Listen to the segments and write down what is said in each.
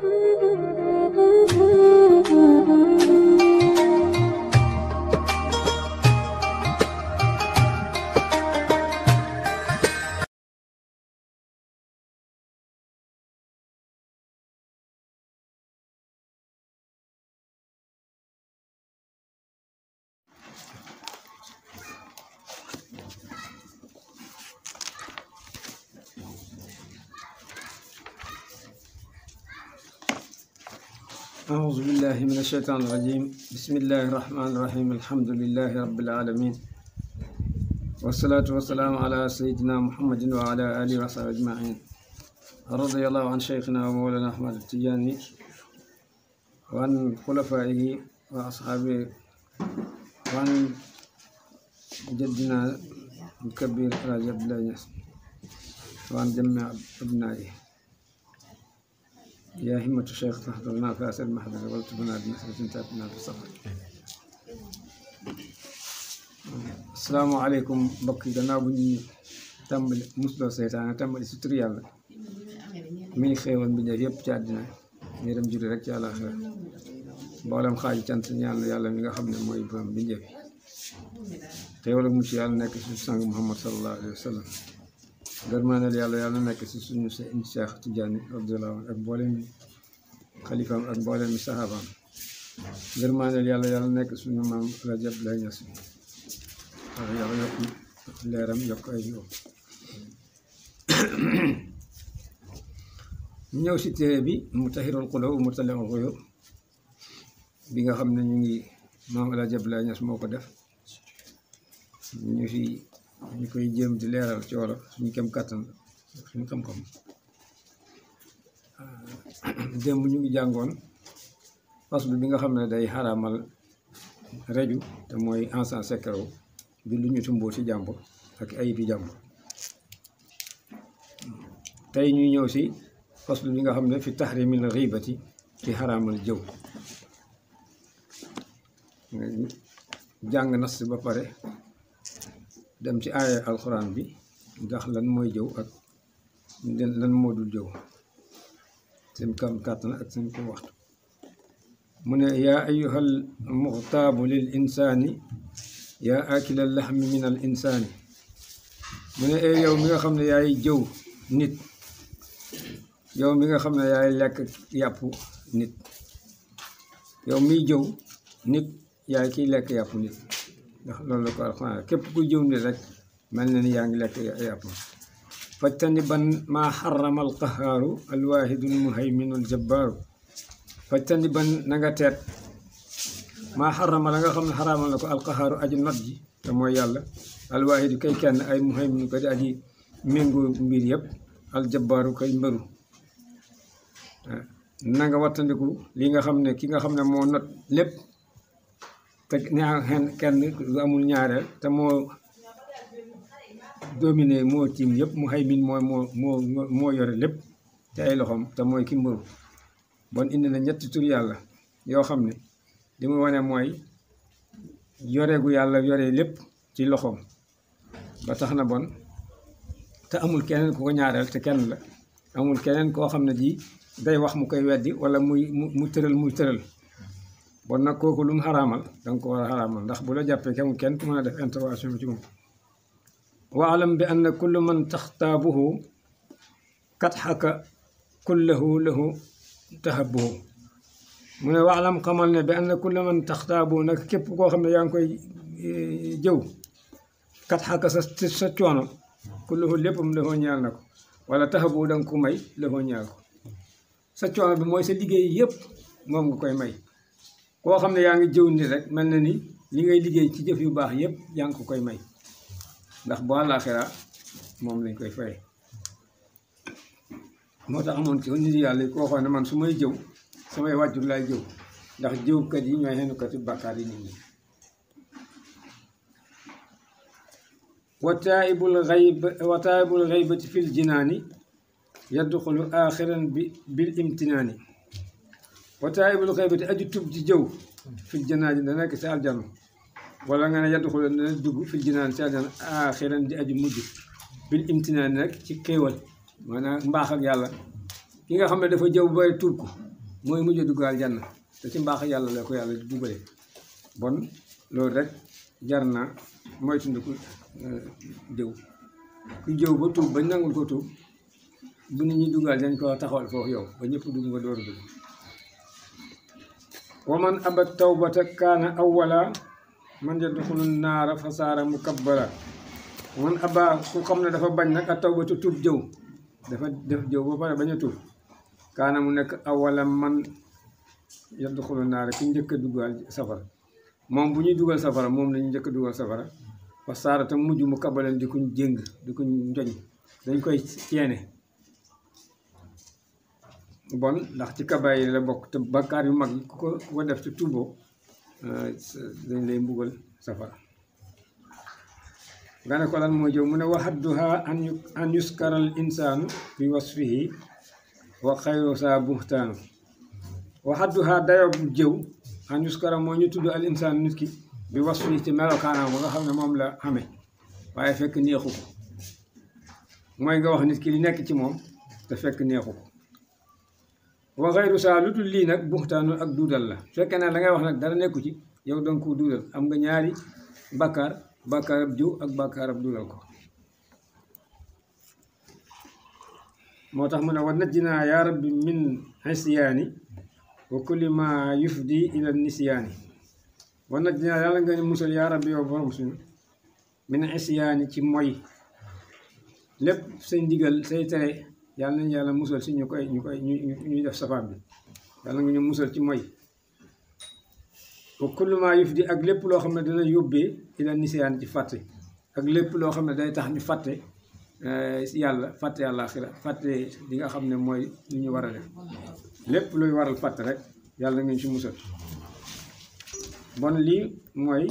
Thank you. بالله من الشيطان الرجيم بسم الله الرحمن الرحيم الحمد لله رب العالمين والصلاة والسلام على سيدنا محمد وعلى آله وصحبه أجمعين رضي الله عن شيخنا ومولانا أحمد التجاني وعن خلفائه وأصحابه وعن جدنا الكبير راجع بن وعن جميع أبنائه يا همة الشيخ تحضر ما في أسئلة محضر والتبنى بنسبة تأتنا في السفر السلام عليكم بكي جناب تم مسلو سيتانا تم الستر من خير خيوان بنا يب تادنا نيرم جوري رك على خير بولم خاج تانت نيال يالا ميغا خمنا موي بام بنجي خيوان مشي يالا نك سنگ محمد صلى الله عليه وسلم gërmaaneel yàlla yàlla nekk si suñu Cheikh Tidiane radiyallahu anhu ak mboolem xalifaam ak mboolem saxaabaam gërmaaneel yàlla yàlla nekk suñu maam Rajab lay ñas waaw ñëw si téere bi mutahhirul qulub mutali'ul ghuyub bi nga xam ne ñu ngi maam Rajab lay ñas moo ko def ñu si ñu koy jéem di leeral ci wolof suñu kem kàttan suñu xam-xam ah, démb ñu ngi jàngoon faslu bi nga xam ne day xaraamal reju te mooy encens sekkerew bi lu ñu tumboo ci jàmbur ak ayibi jàmbur tey ñuy ñëw si faslu bi nga xam ne fi tahrimil ghibati ci xaraamal jëw jàng nas ba pare dem ci aaya alquran bi ndax lan moy jëw ak lan modul jëw seen kam katna ak seen ko waxtu mune ya ayyuhal muhtab lil insani ya akil akila lahm min al insani mune ay yow mi nga xamne yaay jëw nit yow mi nga xamne yaay lek yàpp nit yow mi jëw nit yaay ki lek yàpp nit ndax loolu ko alxuraan képp ku jëw ni rek mel na ni yaa ngi lekk yàpp fajtani ban maa xarama alqahaaru alwaahidul muhayminu aljabbaaru fajtani ban na nga teet maa xarama nga xam ne xaraamal na ko alqahaaru aji not ji te mooy yàlla alwaahidu kay kenn ay muhayminu ko di aji méngoo mbir yëpp aljabbaaru kay mbëru ah, na nga wattandiku li nga xam ne ki nga xam ne moo not lépp te ñaar kenn amul ñaareel te moo dominé moo tiim yëpp mu xay min mooy moo moo moo yore lépp ci ay loxoom te mooy ki mburu bon indi na ñetti tur yàlla yoo xam ne li mu wane mooy yore gu yàlla yore lépp ci loxoom ba tax na bon te amul keneen ko ñaareel te kenn la amul keneen koo xam ne ji day wax mu koy weddi wala muy mu tëral muy tëral bon nag kooku lu mu danga ko war a xaraamal ndax bu la jàppee kenn kenn ku mën a def intervention ci moom wa alam bi anna kullu man taxtaabuhu kat xaka kullahu lahu tahabuhu mu ne wa xamal ne bi anna kullu man taxtaabuhu nag képp koo xam ne yaa ngi koy eh, jëw kat xaka sa sa coono mu léppam lahoo ñaal na ko wala tahabuhu danga ko may lahoo ñaal ko sa coono bi mooy sa liggéey yëpp moom nga koy may koo xam ne yaa ngi jëw ni rek mel na ni li ngay liggéey ci jëf yu baax yëpp yaa ngi ko koy may ndax bu àllaaxira moom lañ koy faye moo tax amoon ci nit yàlla koo xam ne man su may jëw samay wàjjur laay jëw ndax jëwkat yi ñooy xenukati bàkkaar yi nit ñi wa taaibul xayb wa taaibul fil jinaani yadxulu axiran bi bil imtinaani wataa bi xaybati aju tub ci jëw fil janaa ji na nekk si aljana wala nga ne yaddu xul dana dugg fil jinaan si aljana axiran di aju mujj bil imtinaan rek ci xéewal maanaam mbaax ak yàlla ki nga xam ne dafa jëw bari tuub ko mooy mujj dugg jana te ci mbaax yàlla la ko yàlla dugale bon loolu rek jar na moytandiku euh, jëw ku jëw ba tuub bañ nangul ko tuub bu nit ñi duggal dañ ko taxawal foofu yow ba ñëpp dugg nga door a ومن أبى التوبة كان أولا من يدخل النار فصار مكبرا ومن أبى خم دفا بنا التوبة توب جو دفا دف جو بابا بنا توب كان منك أولا من يدخل النار كن جك دوغال سفر moom بني دوغال سفر safara moom la ñu njëkk dugal safara fa saara tam mujj mu kabaleen di kuñ bon ndax ci kabaay la bokk te bakkaar yu mag ku ko ku ko def ci tuuboo euh, dañ lay mbugal safara nga ne ko lan mooy jëw mu ne waxadduha an yuskaral insaanu fi wasfihi wa xayru saa buxtaanu waxadduha dayob jëw an yuskara mooy ñu tudd al insaan nit ki bi wasfihi ci melokaanaam ba nga xam ne moom la ame waaye fekk neexu ko mooy nga wax nit ki li nekk ci moom te fekk neexu ko wa xayru saa lu dul nag buxtaanu ak duudal la fekkee naa la ngay wax nag dara nekku ci yow danga duudal am nga ñaari bàkkaar bàkkaar ab jiw ak bàkkaar ab duudal ko moo tax mu ne wa najjinaa yaa rabbi min isyaani wa kulli maa yufdi ila nisyaani wa najjinaa yàlla nga ne musal yaa rabbi yow borom suñu min isyaani ci moy lépp say ndigal say tere yàlla nañu yàlla musal si ñu koy ñu koy ñuy def safaan bi yàlla nga ñu musal ci moy wa kullu maa yuf di ak lépp loo xam ne dana yóbbee ila nisiyaan ci fàtte ak lépp loo xam ne day tax ñu fàtte eh, yàlla fàtte yàlla xira fàtte li nga xam ne mooy lu ñu war a lépp luy waral fàtte rek yàlla nga ñu si musal bon lii mooy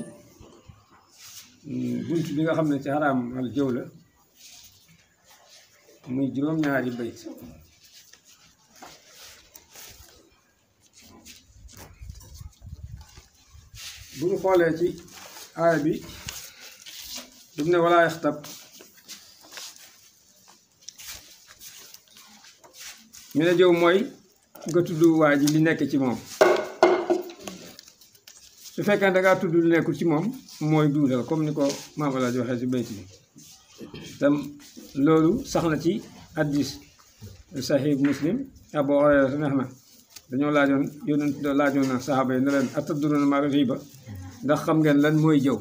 mm, bunt bi nga xam ne ci xaraam al la muy juróom-ñaari bayt bu ñu xoolee ci aaya bi dum ne walaa yaxtab ñu ne jëw mooy nga tudd waa ji li nekk ci moom su fekkee da ngaa tudd nekkul ci moom mooy duudal comme ni ko maam waxee si bayt bi tam لولو سخنتي حديث صحيح مسلم أبو هريرة نحن دنيو لاجون يونت لاجون صحابي نلان أتدرون ما رغيبا دخم جن لن موي جو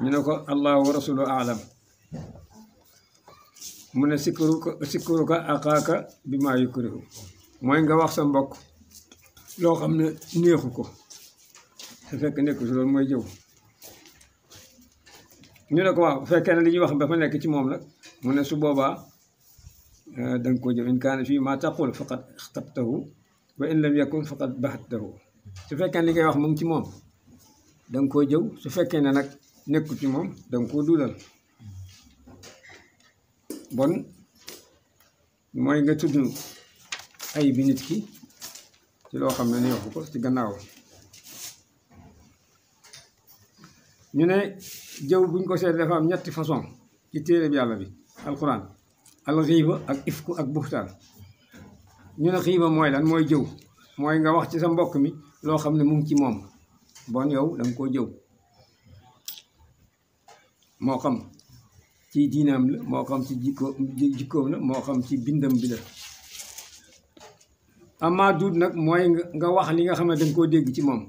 منوكو الله ورسوله أعلم من سكروك سكروك أقاك بما يكره موين غواق سنبوك لو خمنا نيخوكو فك نيكو سلو موي جو ñu ne ko waaw bu fekkee ne li ñuy wax dafa nekk ci moom nag mu ne su boobaa euh, da nga koo jëf in kaana fii maa taqul faqad xtabtahu wa in lam yakun faqad baxtahu su fekkee ne li ngay wax mu ngi ci moom da nga koo jëw su fekkee ne nag nekku ci moom da nga koo duulal bon mooy nga tudd ay bi nit ki ci loo xam ne ni waxu ko ci gannaawam ñu ne jëw buñ ko seet dafa am ñetti façon ci téere bi yàlla bi alquran al xiiba ak ifku ak buxtaan ñu ne xiiba mooy lan mooy jëw mooy nga wax ci sa mbokk mi loo xam ne mu ngi ci moom bon yow da koo jëw moo xam ci diinaam la moo xam ci jikkoom la moo xam ci bindam bi la amaa duut nag mooy nga wax li nga xam ne da koo dégg ci moom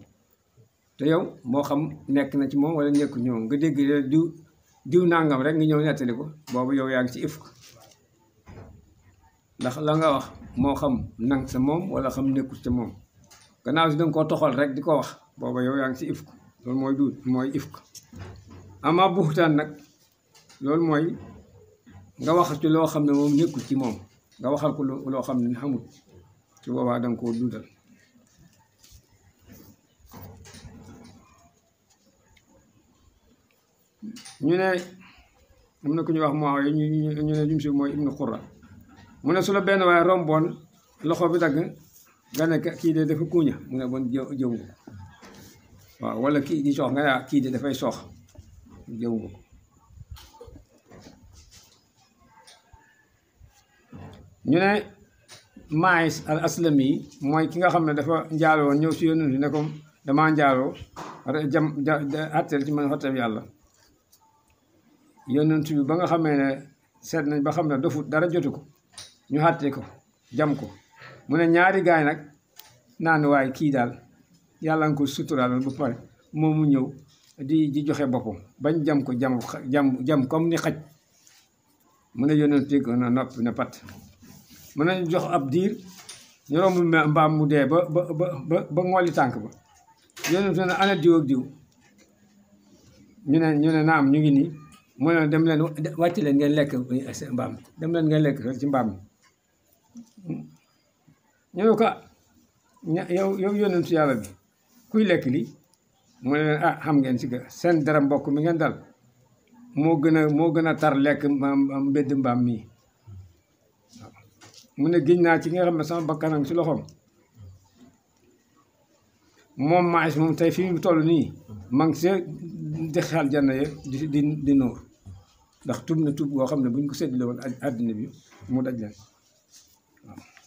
te yow moo xam nekk na ci moom wala nekku ñoom nga dégg diw diw nangam rek nga ñëw nettali ko boobu yow yaa ci ifk ndax la nga wax moo xam nang sa moom wala xam nekkul sa moom gannaaw si danga toxal rek di ko wax booba yow yaa si ifk loolu mooy duut mooy ifk ama buxtaan nag loolu mooy nga wax ci loo xam ne moom nekkul ci moom nga waxal ko loo xam ne xamul ci boobaa danga koo duudal ñu ne am na ku ñuy wax Muawiya ñu ne mooy ibnu Xurra mu benn waaye romboon loxo bi dagg nga kii de dafa kuuña mu ne bon jëw nga waaw wala kii ah, kii de dafay soox jëw nga ñu ne maïs al aslami mooy ki nga xam ne dafa njaaloo ñëw si yónni ne ko damaa njaaloo jam attel ci man xotteeb yàlla yonent bi ba nga xamee ne seet nañ ba xam ne dofut dara jotu ko ñu xàtte ko jam ko mu ne ñaari gaay nag naan waaye kii daal yàlla nga ko suturaal bu pare moom mu ñëw di di joxe boppam bañ jam ko jam jam jam comme ni xaj mu ne yonent bi na noppi na pat mu ne jox ab diir ñu romb mbaam mu dee ba ba ba ba ngooli tànk ba yonent bi ne ana ñu ngi nii mu ne dem leen wàcc leen ngeen lekk mbaam dem leen ngeen lekk ci mbaam ñu ne ko ah, yow yow yónent yàlla bi kuy lekk li mu leen ah xam ngeen si seen dara mbokk mi ngeen dal moo gën a moo gën a tar lekk mbedd mbaam mi mu ne giñ naa ci nga xam ne sama bakkanam si loxoom moom maïs moom tey fii mu toll nii ma ngi see dexal janna ye di di di nóor ndax tub na tub boo xam ne buñ ko séddale woon àddina bi mu daj leen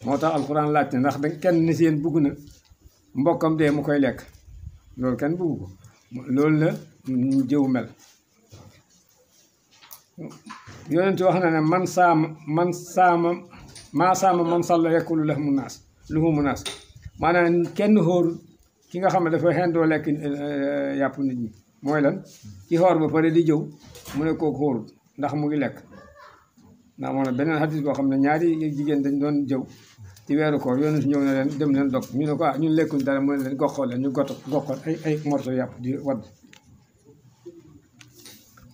moo tax alxuraan laaj na ndax da kenn ni bugg na mbokkam dee mu koy lekk loolu kenn bugg ko loolu la ñu jëw mel yonent wax na ne man saama man saama maa saama man sàlla yekkulu lax mu naas lu mu naas maanaam kenn xóoru ki nga xam ne dafa xendoo lekk eh, eh, yàpp nit ñi mooy lan ki xoor ba pare di jëw mu ne kooku xóorul ndax mu ngi lekk ndax moo ne beneen xadis boo xam ne jigéen dañ doon jëw ci weeru koor yoonu si ñëw na leen dem leen ñu ne ko ah ñun lekkuñ dara ñu goto goxoon ay ay morso yàpp di wadd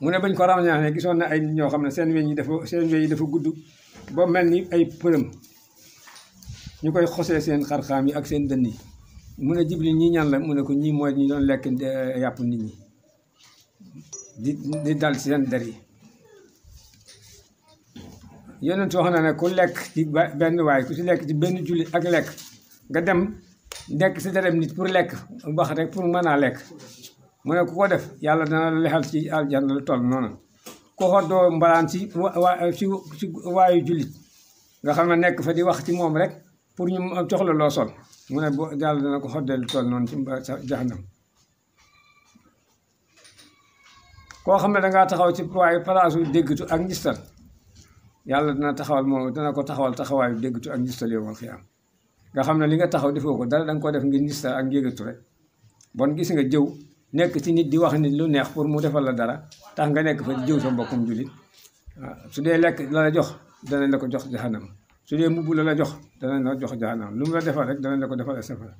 mu ne bañ ko ràññee gisoon na ay ñoo xam ne seen weñ yi dafa seen weñ dafa gudd ba mel ni ay përëm ñu koy xosee seen xarxaam yi ak seen dën yi mu ne Jibril ñi ñan la mu ne ko ñi moy ñi doon lekk yap nit ñi di di dal ci seen der yi yonent wax na ne ku lekk ci benn waay ku ci lekk ci benn julli ak lekk nga dem nekk ci derem nit pour lekk wax rek pour mëna a lekk mu ne ku ko def yàlla dana la lexal ci aljanna lu toll noonu ku xoddoo mbalaan ci waa ci waayu jullit nga xam ne nekk fa di wax ci moom rek pour ñu jox la loo sol mu ne bu yàlla dana ko xoddee lu toll noonu ci jahannam koo xam ne dangaa taxaw ci waaye palaasu déggtu ak njistal yàlla dana taxawal moom dana ko taxawal taxawaayu déggtu ak njistal yow wal am nga xam ne li nga taxaw defoo ko dara danga ko def ngir njistal ak njégatu rek bon gis nga jëw nekk ci nit di wax nit lu neex pour mu defal la dara tax nga nekk fa jëw sa mbokkum jullit su dee lekk la jox danañ la ko jox jahannam su dee mbubb la la jox danañ la jox jaanam lu mu la defal rek danañ la ko defal safara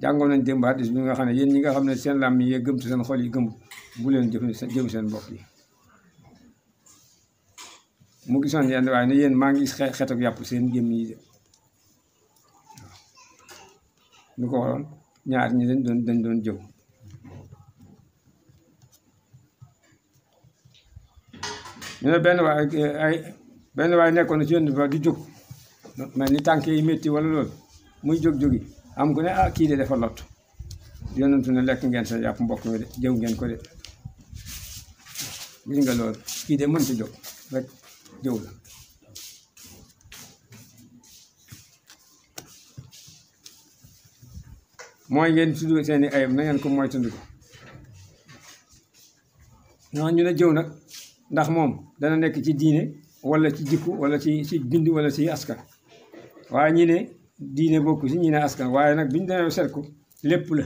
jàngoon nañ démb hadiis bi nga xam ne yéen ñi nga xam ne seen làmm yee gëm te seen xol yi gëmut bu leen jëw seen bopp yi mu gisoon yenn waaye ne yéen maa ngi xeet ak yàpp seen gémm yi de lu ko waroon ñaar ñi dañ dañ doon jëw ñu benn waay ay benn waay nekkoon na ci yoon ba di jóg mel ni tànk yi métti wala loolu muy jóg-jógi am ku ne ah kii de dafa lot yonentu ne lekk ngeen sa yàpp mbokk mi de jëw ngeen ko de gis nga loolu kii de mënta jóg rek jëw la mooy ngeen tudd seen i ayam na ngeen ko moytandiku non ñu ne jëw nag ndax moom dana nekk ci diine wala ci jikku wala ci ci bind wala ci askan waaye ñi ne diine bokku si ñi ne askan waaye nag biñu dana seet ko la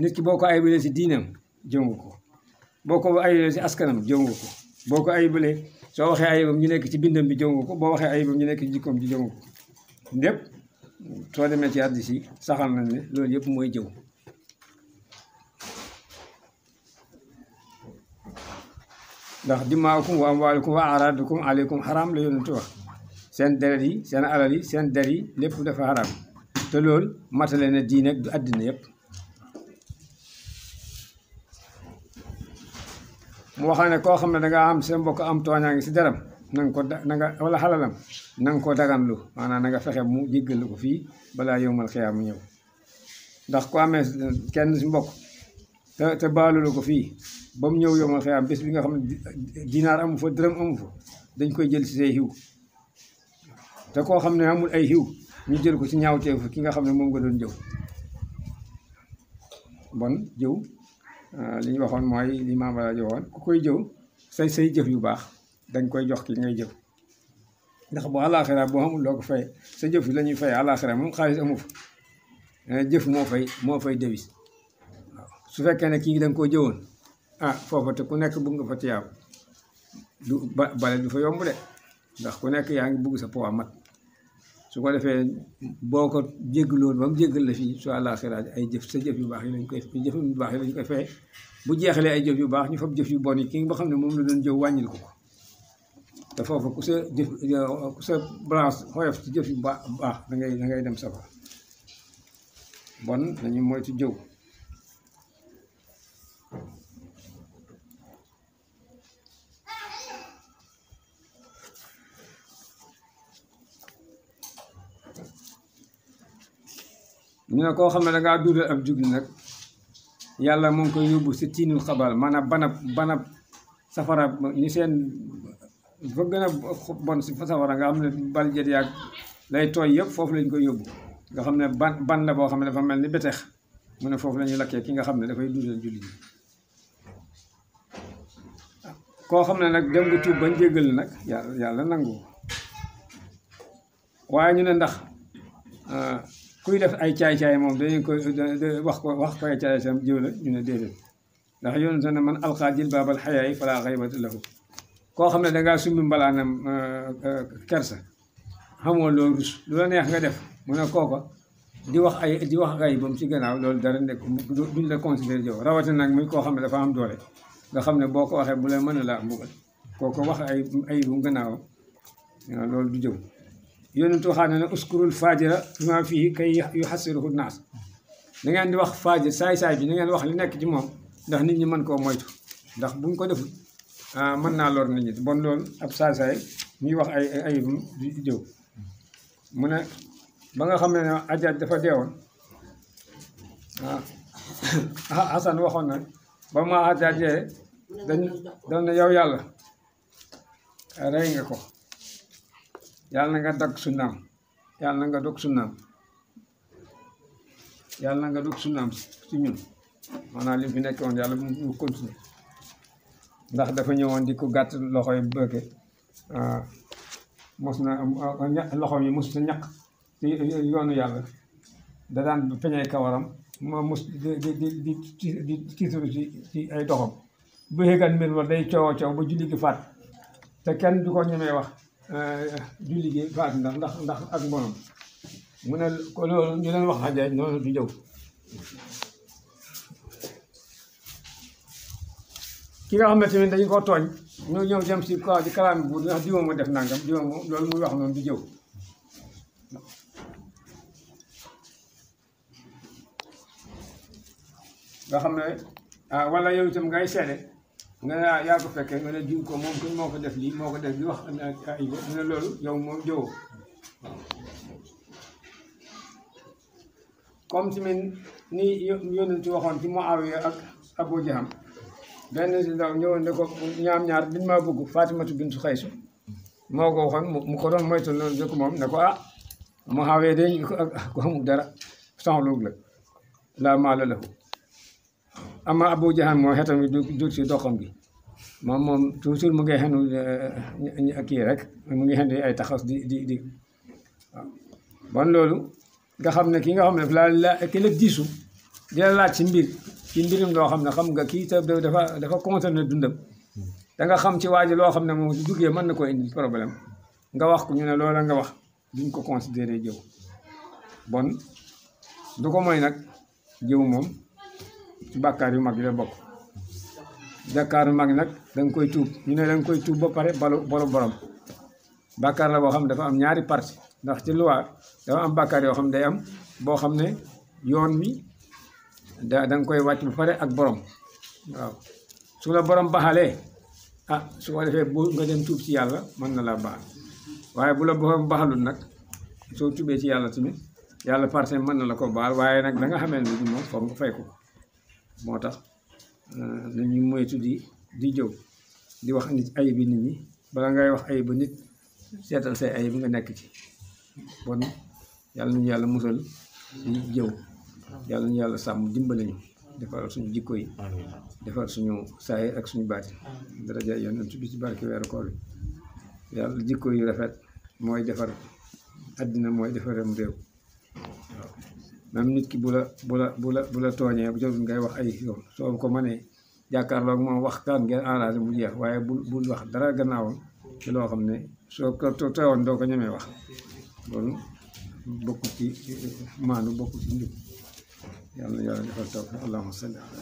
nit ki boo ay ayibalee si diinam jëngu ko boo ko ayibalee si askanam jëngu ko boo ko ayibalee soo waxee ayibam ñu nekk ci bindam bi jëngu ko boo waxee ayibam ñu nekk ci jikkoom bi jëngu ko lépp soo ci hadiis saxal nañ ne loolu yëpp mooy jëw ndax dimaakum wa amwaalukum wa araadukum aleykum xaraam la yonentu wax seen deret yi seen alal yi seen der yi lépp dafa xaraam te lool matale na diine ak àddina yépp mu wax ne koo xam ne dangaa am seen mbokk am tooñaa ngi si deram na ko na nga wala xalalam na nga fexe mu jéggal ko fii balaa yowmal xiyaam mu ñëw ndax ku amee kenn si mbokk te te baalulu ko fii ba mu ñëw yomal xëy am bés bi nga xam ne dinaar amu fa dërëm amu fa dañ koy jël si say koo xam ne amul ay xiw ñu jël ko ci ñaawteefu ki nga xam ne moom nga doon jëw jëw euh, li ñu waxoon mooy li maama la joxoon ku jëw say say jëf yu baax dañ koy jox ki ngay jëw ndax bu àllaaxira boo xamul loo ko fay sa jëf yi la ñuy fay àllaaxira moom xaalis amu eh, jëf moo fay moo fay dewis waaw su fekkee ne kii da ko koo jëwoon ah foofa te ku nekk bëgg nga fa tiyaab du ba bale du fa yomb de ndax ku nekk yaa ngi bëgg sa poids mat su ko defee boo ko jéggaloon ba mu jéggal la fii su àllaaxira ay jëf sa jëf yu baax yi lañ koy jëf yu baax yi lañ koy bu jeexalee ay jëf yu baax ñu fab jëf yu bon yi ki nga xam ne moom la doon jëw wàññil ko ko te foofu ku sa jëf ku sa ci jëf yu baax da ngay da ngay dem safar bon nañu moytu jëw ñu ne koo xam ne da ngaa duudal ab jug nag yàlla mu ngi koy yóbbu si tiinul xabal maanaam banab banab safara ni seen fa gën a bon si safara nga xam ne bal jët yaag lay tooy yëpp foofu lañ koy yóbbu nga xam ne ban ban la boo xam ne dafa mel ni betex mu ne foofu la ñuy lakkee ki nga xam ne dafay duudal julli ji koo xam ne nag dem nga tuub bañ jéggal nag yàlla yàlla nangu waaye ñu ne ndax ah, kuy def ay caay-caay moom dañu ko wax ko wax ko ay caay sam jiw la ñu ne déedéet ndax yoon sa ne man alqaa jilbaabal xayaa yi falaa xaybata lahu koo xam ne dangaa sumbi mbalaanam euh, euh, kersa xamoo loo rus lu neex nga def mu ne kooka di wax ay di wax ay bam ci gannaaw loolu dara nekk duñ la considéré jow rawatina nag muy koo xam ne dafa am doole nga xam ne boo ko waxee bu la mën a laa mbugal kooka wax ay ay bu gannaawam loolu du jëw يونتو خاننا اسكروا الفاجر بما فيه كي يحصره الناس دا نغان دي واخ فاجر ساي ساي بي نغان واخ لي نيك دي موم دا نيت ني مانكو مويتو دا بون كو ديف ا مانا لور نيت ني بون لول اب ساي ساي مي واخ اي اي ديو مونا باغا خامني اجاد دا فا ديوون ها حسن واخون نا با ما اجاد دي دا نيو يالا رينغا كو yàlla na nga dog sunnaam yàlla na nga dog sunnaam yàlla na nga dog sunnaam si ñun fi nekk woon yàlla mu continuer ndax dafa ñëwoon di ko gàtt loxo yi bëgge ah, mos na loxo yi mus na ñàkk ci yoonu yàlla da daan peñee kawaram ma mos di di di di tiitaru ci ci ay doxam bu yëgaat mbir ma day coowoo coow ba julli gi faat te kenn du ñemee wax julli gi faat ndax ndax ndax ak bonam mu ne ko loolu ñu leen wax xajaaj noonu du jëw ki nga xam ne tamit dañu koo tooñ ñoo ñëw jëm si kaw ci kalaam bu ndax diwa moo def nangam diwa moom loolu muy wax noonu du jëw nga xam ne ah, wala yow itam ngay seede nga ne ah yaa ko fekkee nga ne diw ko moom kuñ moo ko def lii moo ko def lii wax ay mu ne loolu yow moom jëwoo comme tamit ni yonent waxoon ci Muawiya ak Abu Jaham si ndaw ñëwoon ne ko ñaam ñaar bin maa bëgg Fatimatu bintu Xays moo ko waxoon mu ko doon moytu loolu dëkk moom ne ko ah Muawiya day ko amul dara soxla la laa maala lahu ama Abu Jahal moo xetam bi du si doxam bi moom moom toujours mu ngi xenu eh, kii rek mu ngi xenu ay taxas di di di bon loolu nga xam ne ki nga xam ne la la ki la la laaj si mbir ci mbirum loo xam ne xam nga kii ta dafa dafa concerné dundam da nga xam ci waa ji loo xam ne moom su duggee man na ko indi problème nga wax ko ñu ne loola nga wax duñ ko considéré jëw bon du ko mooy nag jëw moom ci bàkkaar yu mag yi la bokk bàkkaar yu mag nag danga koy tuub ñu ne da koy tuub ba pare balu balu borom bàkkaar la boo xam ne dafa am ñaari parti ndax ci loi dafa am bàkkaar yoo xam day am boo xam ne yoon mi da da koy wàcc ba pare ak borom waaw su la borom baxalee ah su ko defee bu nga dem tuub ci yàlla mën na laa baax waaye bu la borom baxalul nag soo tubee ci yàlla tamit yàlla parce mën na la ko baal waaye nag da nga xamee ni moom foog nga fay ko moo tax euh, nañu moytu di di jëw di wax nit ayibi nit ñi balaa ngay wax ayiba nit seetal say ayib nga nekk ci bon yàlla nañu yàlla musal jëw yàlla nañu yàlla sàmm dimbale ñu defaral suñu jikko yi defar suñu saayir ak suñu baati daraja yonent bi ci barke weeru koor bi yàlla jikko yu rafet mooy defar àddina mooy defaram réew même nit ki bu la bu la bu la bu la tooñee bu jotul ngay wax ay yoon soo ko manee mënee jàkkaarloog moom waxtaan ngeen arrangé bu jeex waaye bul bul wax dara gannaaw ci loo xam ne soo ko woon doo ko ñemee wax loolu bokku ci maanu bokku ci njub yàlla na yàlla defal toog allahumma salli ala